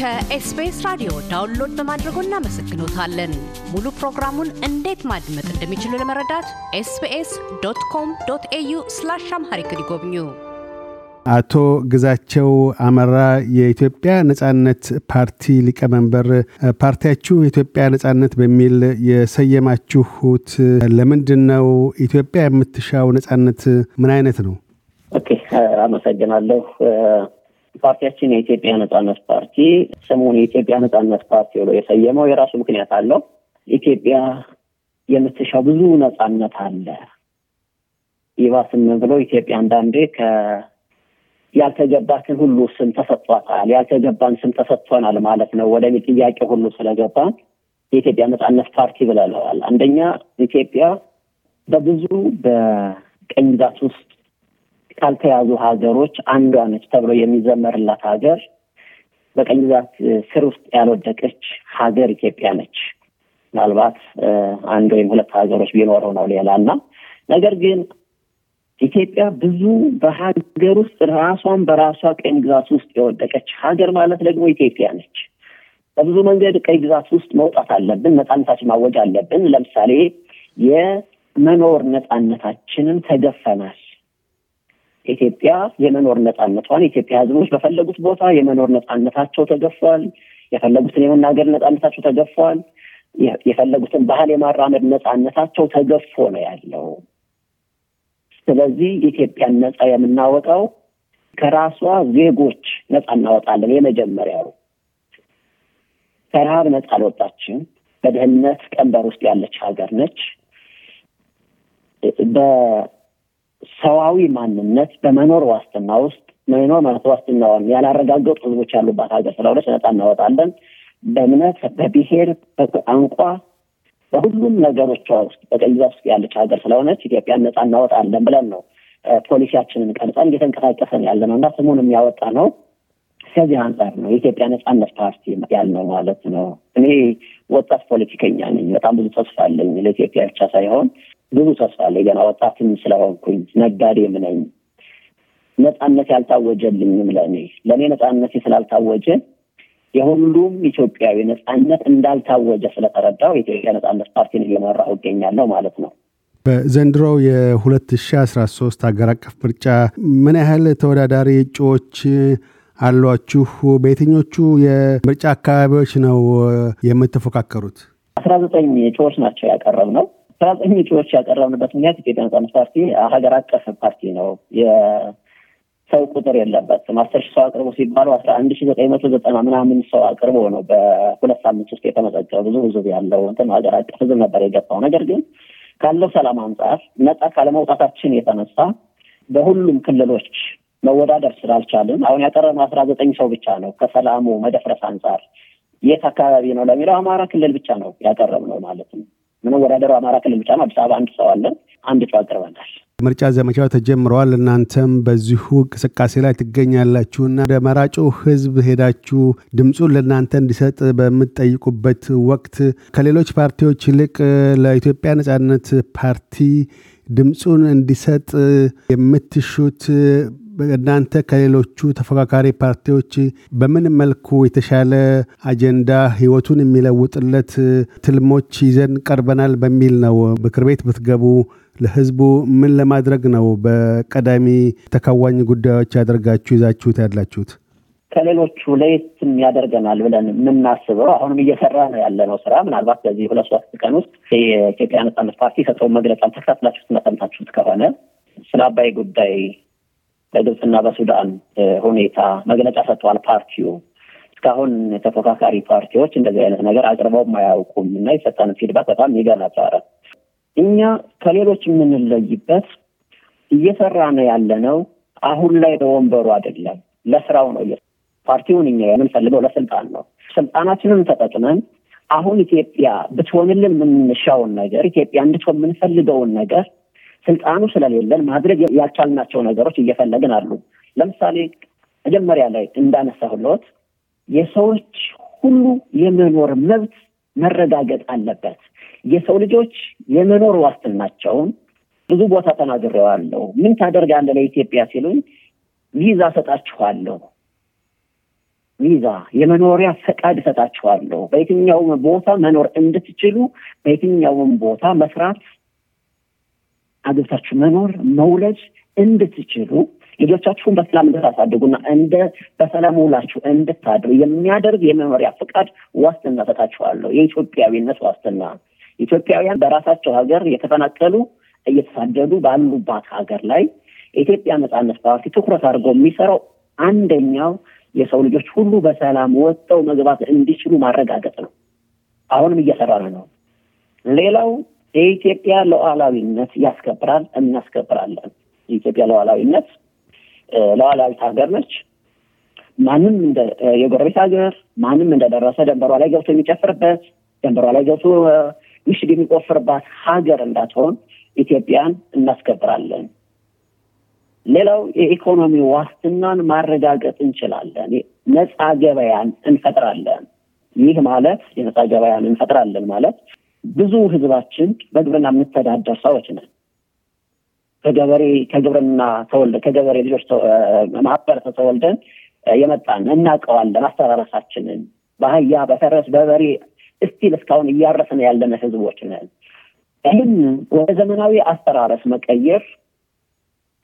ከኤስቢኤስ ራዲዮ ዳውንሎድ በማድረጎ እናመሰግኖታለን። ሙሉ ፕሮግራሙን እንዴት ማድመጥ እንደሚችሉ ለመረዳት ኤስቢኤስ ዶት ኮም ዶት ኤዩ ስላሽ አምሃሪክ ይጎብኙ። አቶ ግዛቸው አመራ የኢትዮጵያ ነጻነት ፓርቲ ሊቀመንበር፣ ፓርቲያችሁ የኢትዮጵያ ነጻነት በሚል የሰየማችሁት ለምንድን ነው? ኢትዮጵያ የምትሻው ነጻነት ምን አይነት ነው? ኦኬ፣ አመሰግናለሁ። ፓርቲያችን የኢትዮጵያ ነጻነት ፓርቲ ስሙን የኢትዮጵያ ነጻነት ፓርቲ ብሎ የሰየመው የራሱ ምክንያት አለው። ኢትዮጵያ የምትሻው ብዙ ነጻነት አለ። ይባስም ብሎ ኢትዮጵያ አንዳንዴ ከ ያልተገባትን ሁሉ ስም ተሰጥቷታል፣ ያልተገባን ስም ተሰጥቶናል ማለት ነው ወደሚል ጥያቄ ሁሉ ስለገባን የኢትዮጵያ ነጻነት ፓርቲ ብለለዋል። አንደኛ ኢትዮጵያ በብዙ በቀኝ ግዛት ውስጥ ካልተያዙ ሀገሮች አንዷ ነች ተብሎ የሚዘመርላት ሀገር በቀኝ ግዛት ስር ውስጥ ያልወደቀች ሀገር ኢትዮጵያ ነች። ምናልባት አንድ ወይም ሁለት ሀገሮች ቢኖረው ነው ሌላ እና ነገር ግን ኢትዮጵያ ብዙ በሀገር ውስጥ ራሷን በራሷ ቀኝ ግዛት ውስጥ የወደቀች ሀገር ማለት ደግሞ ኢትዮጵያ ነች። በብዙ መንገድ ቀኝ ግዛት ውስጥ መውጣት አለብን፣ ነፃነታችን ማወጅ አለብን። ለምሳሌ የመኖር ነፃነታችንን ተገፈናል። ኢትዮጵያ የመኖር ነጻነቷን ኢትዮጵያ ሕዝቦች በፈለጉት ቦታ የመኖር ነጻነታቸው ተገፏል። የፈለጉትን የመናገር ነጻነታቸው ተገፏል። የፈለጉትን ባህል የማራመድ ነጻነታቸው ተገፎ ነው ያለው። ስለዚህ ኢትዮጵያን ነጻ የምናወጣው ከራሷ ዜጎች ነጻ እናወጣለን። የመጀመሪያው ከረሃብ ነጻ አልወጣችም። በድህነት ቀንበር ውስጥ ያለች ሀገር ነች። ሰዋዊ ማንነት በመኖር ዋስትና ውስጥ መኖር ማለት ዋስትናዋን ያላረጋገጡ ህዝቦች ያሉባት ሀገር ስለሆነች ነጻ እናወጣለን። በእምነት፣ በብሔር፣ በቋንቋ በሁሉም ነገሮቿ ውስጥ በቀይዛ ውስጥ ያለች ሀገር ስለሆነች ኢትዮጵያን ነጻ እናወጣለን ብለን ነው ፖሊሲያችንን ቀርጸን እየተንቀሳቀሰን ያለ ነው እና ስሙን የሚያወጣ ነው ከዚህ አንጻር ነው የኢትዮጵያ ነጻነት ፓርቲ ያልነው ማለት ነው። እኔ ወጣት ፖለቲከኛ ነኝ። በጣም ብዙ ተስፋ አለኝ ለኢትዮጵያ ብቻ ሳይሆን ብዙ ተስፋ አለኝ። ገና ወጣትም ስለሆንኩኝ ነጋዴም ነኝ። ነፃነት ያልታወጀልኝም ለእኔ ለእኔ ነፃነት ስላልታወጀ የሁሉም ኢትዮጵያዊ ነፃነት እንዳልታወጀ ስለተረዳው የኢትዮጵያ ነፃነት ፓርቲን እየመራሁ እገኛለሁ ማለት ነው። በዘንድሮው የ2013 ሀገር አቀፍ ምርጫ ምን ያህል ተወዳዳሪ እጩዎች አሏችሁ? በየትኞቹ የምርጫ አካባቢዎች ነው የምትፎካከሩት? አስራ ዘጠኝ እጩዎች ናቸው ያቀረብ ነው ተራዘም እጩዎች ያቀረብንበት ምክንያት ኢትዮጵያ ነጻነት ፓርቲ ሀገር አቀፍ ፓርቲ ነው። የሰው ቁጥር የለበትም። አስር ሺህ ሰው አቅርቦ ሲባሉ አስራ አንድ ሺህ ዘጠኝ መቶ ዘጠና ምናምን ሰው አቅርቦ ነው በሁለት ሳምንት ውስጥ የተመዘገበ ብዙ ህዝብ ያለው እንትን ሀገር አቀፍ ህዝብ ነበር የገባው። ነገር ግን ካለው ሰላም አንጻር ነጻ ካለመውጣታችን የተነሳ በሁሉም ክልሎች መወዳደር ስላልቻልን አሁን ያቀረብነው አስራ ዘጠኝ ሰው ብቻ ነው ከሰላሙ መደፍረስ አንጻር የት አካባቢ ነው ለሚለው አማራ ክልል ብቻ ነው ያቀረብነው ማለት ነው። መወዳደሩ አማራ ክልል ብቻ ነው። አዲስ አበባ አንድ ሰው አለን፣ አንድ ሰው አቅርበናል። ምርጫ ዘመቻው ተጀምረዋል። እናንተም በዚሁ እንቅስቃሴ ላይ ትገኛላችሁና ወደ መራጩ ሕዝብ ሄዳችሁ ድምፁን ለእናንተ እንዲሰጥ በምትጠይቁበት ወቅት ከሌሎች ፓርቲዎች ይልቅ ለኢትዮጵያ ነጻነት ፓርቲ ድምፁን እንዲሰጥ የምትሹት እናንተ ከሌሎቹ ተፎካካሪ ፓርቲዎች በምን መልኩ የተሻለ አጀንዳ ህይወቱን የሚለውጥለት ትልሞች ይዘን ቀርበናል በሚል ነው ምክር ቤት ብትገቡ ለህዝቡ ምን ለማድረግ ነው በቀዳሚ ተካዋኝ ጉዳዮች ያደርጋችሁ ይዛችሁት ያላችሁት? ከሌሎቹ ለየትም ያደርገናል ብለን የምናስበው አሁንም እየሰራ ነው ያለነው ስራ ምናልባት በዚህ ሁለት ሶስት ቀን ውስጥ የኢትዮጵያ ነጻነት ፓርቲ ሰጠው መግለጫ ተከታትላችሁት መጠምታችሁት ከሆነ ስለ አባይ ጉዳይ በግብፅና በሱዳን ሁኔታ መግለጫ ሰጥተዋል። ፓርቲው እስካሁን ተፎካካሪ ፓርቲዎች እንደዚህ አይነት ነገር አቅርበው አያውቁም እና የሰጠን ፊድባክ በጣም ይገርም እኛ ከሌሎች የምንለይበት እየሰራ ነው ያለነው አሁን ላይ በወንበሩ አይደለም፣ ለስራው ነው። ፓርቲውን እኛ የምንፈልገው ለስልጣን ነው። ስልጣናችንን ተጠቅመን አሁን ኢትዮጵያ ብትሆንልን የምንሻውን ነገር ኢትዮጵያ እንድትሆን የምንፈልገውን ነገር ስልጣኑ ስለሌለን ማድረግ ያልቻልናቸው ነገሮች እየፈለግን አሉ። ለምሳሌ መጀመሪያ ላይ እንዳነሳሁልዎት የሰዎች ሁሉ የመኖር መብት መረጋገጥ አለበት። የሰው ልጆች የመኖር ዋስትናቸውን ብዙ ቦታ ተናግሬዋለሁ። ምን ታደርጋለ ለኢትዮጵያ ሲሉኝ ቪዛ እሰጣችኋለሁ፣ ቪዛ የመኖሪያ ፈቃድ እሰጣችኋለሁ፣ በየትኛውም ቦታ መኖር እንድትችሉ፣ በየትኛውም ቦታ መስራት አግብታችሁ መኖር መውለድ እንድትችሉ ልጆቻችሁን በሰላም እንድታሳድጉና እንደ በሰላም ውላችሁ እንድታድሩ የሚያደርግ የመኖሪያ ፍቃድ ዋስትና ሰጣችኋለሁ። የኢትዮጵያዊነት ዋስትና ኢትዮጵያውያን በራሳቸው ሀገር የተፈናቀሉ እየተሳደዱ ባሉባት ሀገር ላይ የኢትዮጵያ ነጻነት ፓርቲ ትኩረት አድርጎ የሚሰራው አንደኛው የሰው ልጆች ሁሉ በሰላም ወጥተው መግባት እንዲችሉ ማረጋገጥ ነው። አሁንም እየሰራ ነው። ሌላው የኢትዮጵያ ሉዓላዊነት ያስከብራል፣ እናስከብራለን። የኢትዮጵያ ሉዓላዊነት ሉዓላዊት ሀገር ነች። ማንም እንደ የጎረቤት ሀገር ማንም እንደደረሰ ደንበሯ ላይ ገብቶ የሚጨፍርበት ደንበሯ ላይ ገብቶ ምሽግ የሚቆፍርባት ሀገር እንዳትሆን ኢትዮጵያን እናስከብራለን። ሌላው የኢኮኖሚ ዋስትናን ማረጋገጥ እንችላለን። ነፃ ገበያን እንፈጥራለን። ይህ ማለት የነፃ ገበያን እንፈጥራለን ማለት ብዙ ህዝባችን በግብርና የምንተዳደር ሰዎች ነን። ከገበሬ ከግብርና ተወልደ ከገበሬ ልጆች ማህበረሰብ ተወልደን የመጣን እናውቀዋለን። አስተራረሳችንን በአህያ በፈረስ በበሬ እስቲል እስካሁን እያረስን ያለን ህዝቦች ነን። ይህን ወደ ዘመናዊ አስተራረስ መቀየር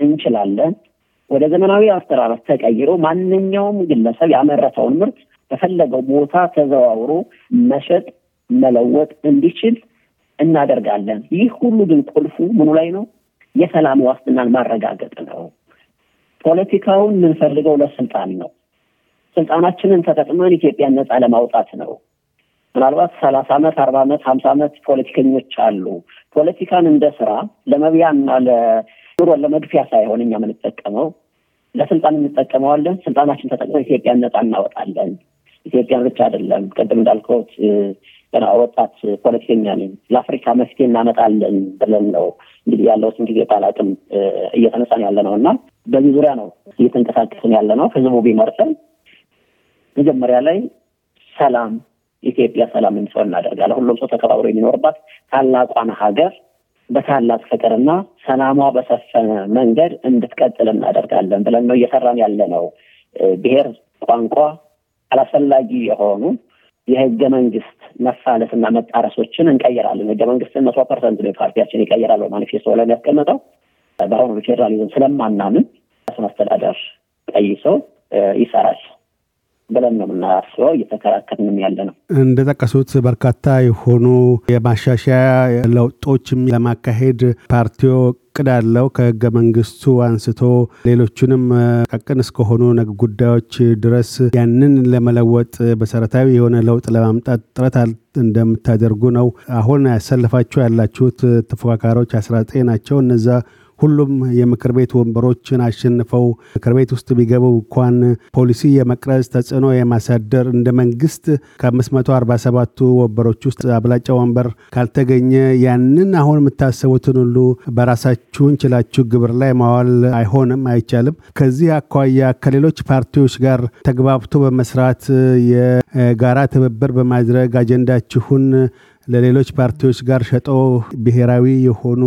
እንችላለን። ወደ ዘመናዊ አስተራረስ ተቀይሮ ማንኛውም ግለሰብ ያመረተውን ምርት በፈለገው ቦታ ተዘዋውሮ መሸጥ መለወጥ እንዲችል እናደርጋለን። ይህ ሁሉ ግን ቁልፉ ምኑ ላይ ነው? የሰላም ዋስትናን ማረጋገጥ ነው። ፖለቲካውን የምንፈልገው ለስልጣን ነው። ስልጣናችንን ተጠቅመን ኢትዮጵያን ነፃ ለማውጣት ነው። ምናልባት ሰላሳ ዓመት አርባ ዓመት ሀምሳ ዓመት ፖለቲከኞች አሉ። ፖለቲካን እንደ ስራ ለመብያና ለኑሮን ለመግፊያ ሳይሆን እኛ የምንጠቀመው ለስልጣን እንጠቀመዋለን። ስልጣናችን ተጠቅመን ኢትዮጵያን ነፃ እናወጣለን። ኢትዮጵያን ብቻ አይደለም ቅድም እንዳልከውት ገና ወጣት ፖለቲከኛ ነኝ ለአፍሪካ መፍትሄ እናመጣለን ብለን ነው እንግዲህ ያለውትን ጊዜ ባላቅም እየተነሳን ያለ ነው እና በዚህ ዙሪያ ነው እየተንቀሳቀስን ያለ ነው። ህዝቡ ቢመርጠን መጀመሪያ ላይ ሰላም ኢትዮጵያ ሰላም እንዲሆን እናደርጋለን። ሁሉም ሰው ተከባብሮ የሚኖርባት ታላቋን ሀገር በታላቅ ፍቅርና ሰላሟ በሰፈነ መንገድ እንድትቀጥል እናደርጋለን ብለን ነው እየሰራን ያለ ነው። ብሔር፣ ቋንቋ አላስፈላጊ የሆኑ የህገ መንግስት መፋለስ እና መጣረሶችን እንቀይራለን። ህገ መንግስትን መቶ ፐርሰንት ነው ፓርቲያችን ይቀይራል ማኒፌስቶ ላይ ያስቀመጠው። በአሁኑ ፌዴራሊዝም ስለማናምን ስ መስተዳደር ቀይሰው ይሰራል። ብለን ነው የምናስበው እየተከራከርንም ያለ ነው። እንደጠቀሱት በርካታ የሆኑ የማሻሻያ ለውጦችም ለማካሄድ ፓርቲው እቅድ አለው። ከህገ መንግስቱ አንስቶ ሌሎቹንም ቀቅን እስከሆኑ ጉዳዮች ድረስ ያንን ለመለወጥ መሰረታዊ የሆነ ለውጥ ለማምጣት ጥረት እንደምታደርጉ ነው። አሁን ያሰለፋችሁ ያላችሁት ተፎካካሪዎች አስራ ዘጠኝ ናቸው እነዛ ሁሉም የምክር ቤት ወንበሮችን አሸንፈው ምክር ቤት ውስጥ ቢገቡ እንኳን ፖሊሲ የመቅረጽ ተጽዕኖ የማሳደር እንደ መንግስት ከ547ቱ ወንበሮች ውስጥ አብላጫ ወንበር ካልተገኘ ያንን አሁን የምታሰቡትን ሁሉ በራሳችሁን ችላችሁ ግብር ላይ ማዋል አይሆንም፣ አይቻልም። ከዚህ አኳያ ከሌሎች ፓርቲዎች ጋር ተግባብቶ በመስራት የጋራ ትብብር በማድረግ አጀንዳችሁን ለሌሎች ፓርቲዎች ጋር ሸጦ ብሔራዊ የሆኑ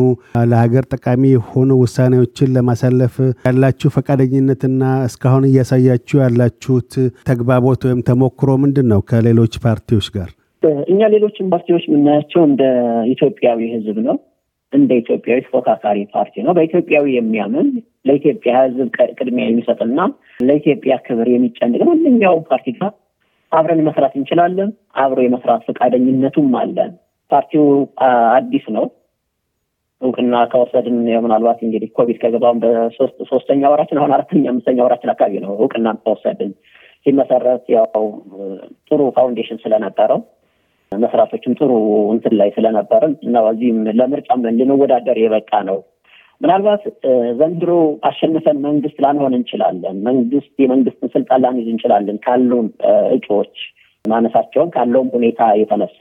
ለሀገር ጠቃሚ የሆኑ ውሳኔዎችን ለማሳለፍ ያላችሁ ፈቃደኝነትና እስካሁን እያሳያችሁ ያላችሁት ተግባቦት ወይም ተሞክሮ ምንድን ነው ከሌሎች ፓርቲዎች ጋር? እኛ ሌሎችን ፓርቲዎች የምናያቸው እንደ ኢትዮጵያዊ ህዝብ ነው። እንደ ኢትዮጵያዊ ተፎካካሪ ፓርቲ ነው። በኢትዮጵያዊ የሚያምን ለኢትዮጵያ ህዝብ ቅድሚያ የሚሰጥና ለኢትዮጵያ ክብር የሚጨንቅ ማንኛውም ፓርቲ ጋር አብረን መስራት እንችላለን። አብሮ የመስራት ፈቃደኝነቱም አለን። ፓርቲው አዲስ ነው። እውቅና ከወሰድን ምናልባት እንግዲህ ኮቪድ ከገባውን በሶስተኛ ወራችን አሁን አራተኛ አምስተኛ ወራችን አካባቢ ነው እውቅና ከወሰድን። ሲመሰረት ያው ጥሩ ፋውንዴሽን ስለነበረው መስራቶችም ጥሩ እንትን ላይ ስለነበረን እና በዚህም ለምርጫም ልንወዳደር የበቃ ነው። ምናልባት ዘንድሮ አሸንፈን መንግስት ላንሆን እንችላለን። መንግስት የመንግስትን ስልጣን ላንይዝ እንችላለን ካሉን እጩዎች ማነሳቸውን ካለውም ሁኔታ የተነሳ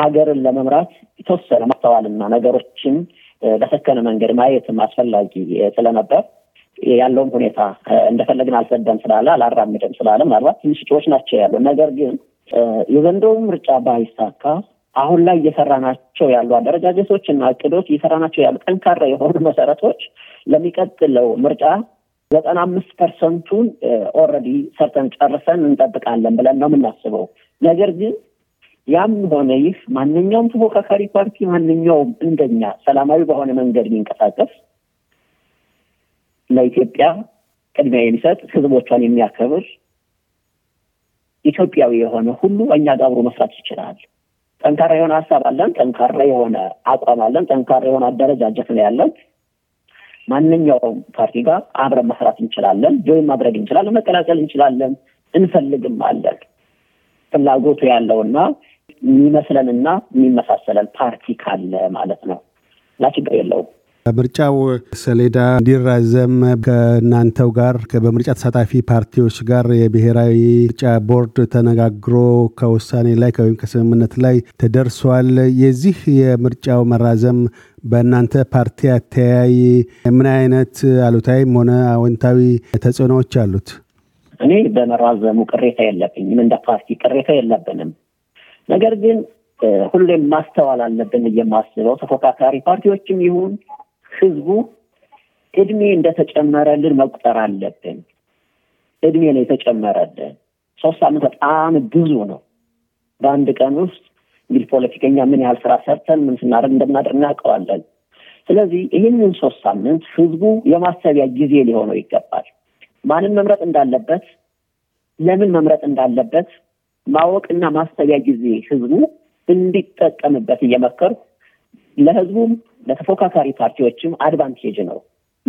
ሀገርን ለመምራት የተወሰነ ማስተዋልና ነገሮችን በሰከነ መንገድ ማየትም አስፈላጊ ስለነበር ያለውም ሁኔታ እንደፈለግን አልሰደም ስላለ አላራምድም ስላለ ምናልባት ትንሽ እጩዎች ናቸው ያሉ። ነገር ግን የዘንድሮ ምርጫ ባይሳካ አሁን ላይ እየሰራ የሰራናቸው ያሉ አደረጃጀቶች እና እቅዶች እየሰራናቸው ያሉ ጠንካራ የሆኑ መሰረቶች ለሚቀጥለው ምርጫ ዘጠና አምስት ፐርሰንቱን ኦልሬዲ ሰርተን ጨርሰን እንጠብቃለን ብለን ነው የምናስበው። ነገር ግን ያም ሆነ ይህ ማንኛውም ተፎካካሪ ፓርቲ ማንኛውም እንደኛ ሰላማዊ በሆነ መንገድ የሚንቀሳቀስ ለኢትዮጵያ ቅድሚያ የሚሰጥ ህዝቦቿን የሚያከብር ኢትዮጵያዊ የሆነ ሁሉ እኛ ጋር አብሮ መስራት ይችላል። ጠንካራ የሆነ ሀሳብ አለን፣ ጠንካራ የሆነ አቋም አለን፣ ጠንካራ የሆነ አደረጃጀት ነው ያለን። ማንኛውም ፓርቲ ጋር አብረን መስራት እንችላለን፣ ጆይን ማድረግ እንችላለን፣ መቀላቀል እንችላለን፣ እንፈልግም አለን። ፍላጎቱ ያለውና የሚመስለንና የሚመሳሰለን ፓርቲ ካለ ማለት ነው እና ችግር የለውም። በምርጫው ሰሌዳ እንዲራዘም ከእናንተው ጋር በምርጫ ተሳታፊ ፓርቲዎች ጋር የብሔራዊ ምርጫ ቦርድ ተነጋግሮ ከውሳኔ ላይ ወይም ከስምምነት ላይ ተደርሷል። የዚህ የምርጫው መራዘም በእናንተ ፓርቲ አተያይ ምን አይነት አሉታዊም ሆነ አዎንታዊ ተጽዕኖዎች አሉት? እኔ በመራዘሙ ቅሬታ የለብኝም። እንደ ፓርቲ ቅሬታ የለብንም። ነገር ግን ሁሌም ማስተዋል አለብን። እየማስበው ተፎካካሪ ፓርቲዎችም ይሁን ህዝቡ እድሜ እንደተጨመረልን መቁጠር አለብን። እድሜ ነው የተጨመረልን። ሶስት ሳምንት በጣም ብዙ ነው። በአንድ ቀን ውስጥ እንግዲህ ፖለቲከኛ ምን ያህል ስራ ሰርተን ምን ስናደርግ እንደምናደርግ እናውቀዋለን። ስለዚህ ይህንን ሶስት ሳምንት ህዝቡ የማሰቢያ ጊዜ ሊሆነው ይገባል። ማንን መምረጥ እንዳለበት፣ ለምን መምረጥ እንዳለበት ማወቅና ማሰቢያ ጊዜ ህዝቡ እንዲጠቀምበት እየመከርኩ ለህዝቡም ለተፎካካሪ ፓርቲዎችም አድቫንቴጅ ነው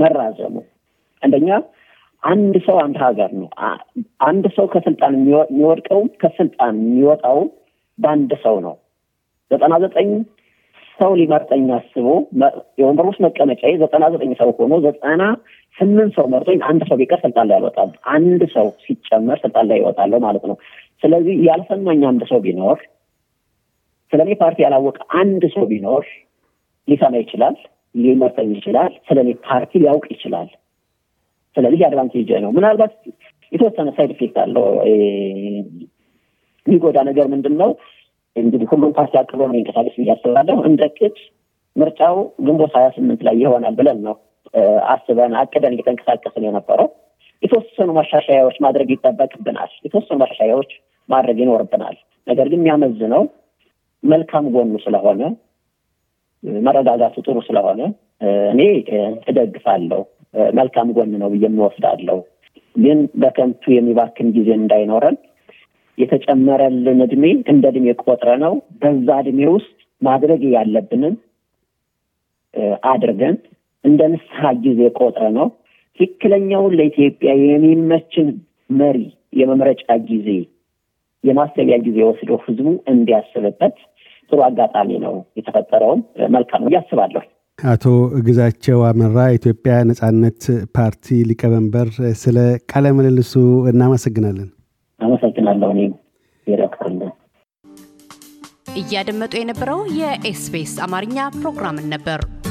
መራዘሙ። አንደኛ አንድ ሰው አንድ ሀገር ነው። አንድ ሰው ከስልጣን የሚወድቀውም ከስልጣን የሚወጣውም በአንድ ሰው ነው። ዘጠና ዘጠኝ ሰው ሊመርጠኝ አስቦ የወንበሮች መቀመጫ ዘጠና ዘጠኝ ሰው ሆኖ ዘጠና ስምንት ሰው መርጦኝ አንድ ሰው ቢቀር ስልጣን ላይ ያልወጣል። አንድ ሰው ሲጨመር ስልጣን ላይ ይወጣለሁ ማለት ነው። ስለዚህ ያልሰማኝ አንድ ሰው ቢኖር ስለኔ ፓርቲ ያላወቀ አንድ ሰው ቢኖር ሊሰማ ይችላል፣ ሊመጠኝ ይችላል፣ ስለ ፓርቲ ሊያውቅ ይችላል። ስለዚህ አድቫንቴጅ ነው። ምናልባት የተወሰነ ሳይድ ፌክት አለው። የሚጎዳ ነገር ምንድን ነው? እንግዲህ ሁሉም ፓርቲ አቅሎ ነው የሚንቀሳቀስ ብዬ አስባለሁ። እንደ ቅድ ምርጫው ግንቦት ሀያ ስምንት ላይ ይሆናል ብለን ነው አስበን አቅደን እየተንቀሳቀስን የነበረው። የተወሰኑ ማሻሻያዎች ማድረግ ይጠበቅብናል። የተወሰኑ ማሻሻያዎች ማድረግ ይኖርብናል። ነገር ግን የሚያመዝነው መልካም ጎኑ ስለሆነ መረዳዳቱ ጥሩ ስለሆነ እኔ እደግፋለሁ። መልካም ጎን ነው ብዬ እንወስዳለሁ። ግን በከንቱ የሚባክን ጊዜ እንዳይኖረን የተጨመረልን እድሜ እንደ እድሜ ቆጥረ ነው በዛ እድሜ ውስጥ ማድረግ ያለብንን አድርገን እንደ ንስሐ ጊዜ ቆጥረ ነው ትክክለኛውን ለኢትዮጵያ የሚመችን መሪ የመምረጫ ጊዜ የማሰቢያ ጊዜ ወስዶ ህዝቡ እንዲያስብበት ጥሩ አጋጣሚ ነው የተፈጠረውም መልካም ነው እያስባለሁ። አቶ ግዛቸው አመራ የኢትዮጵያ ነጻነት ፓርቲ ሊቀመንበር፣ ስለ ቃለ ምልልሱ እናመሰግናለን። አመሰግናለሁ። እኔም እያደመጡ የነበረው የኤስፔስ አማርኛ ፕሮግራምን ነበር።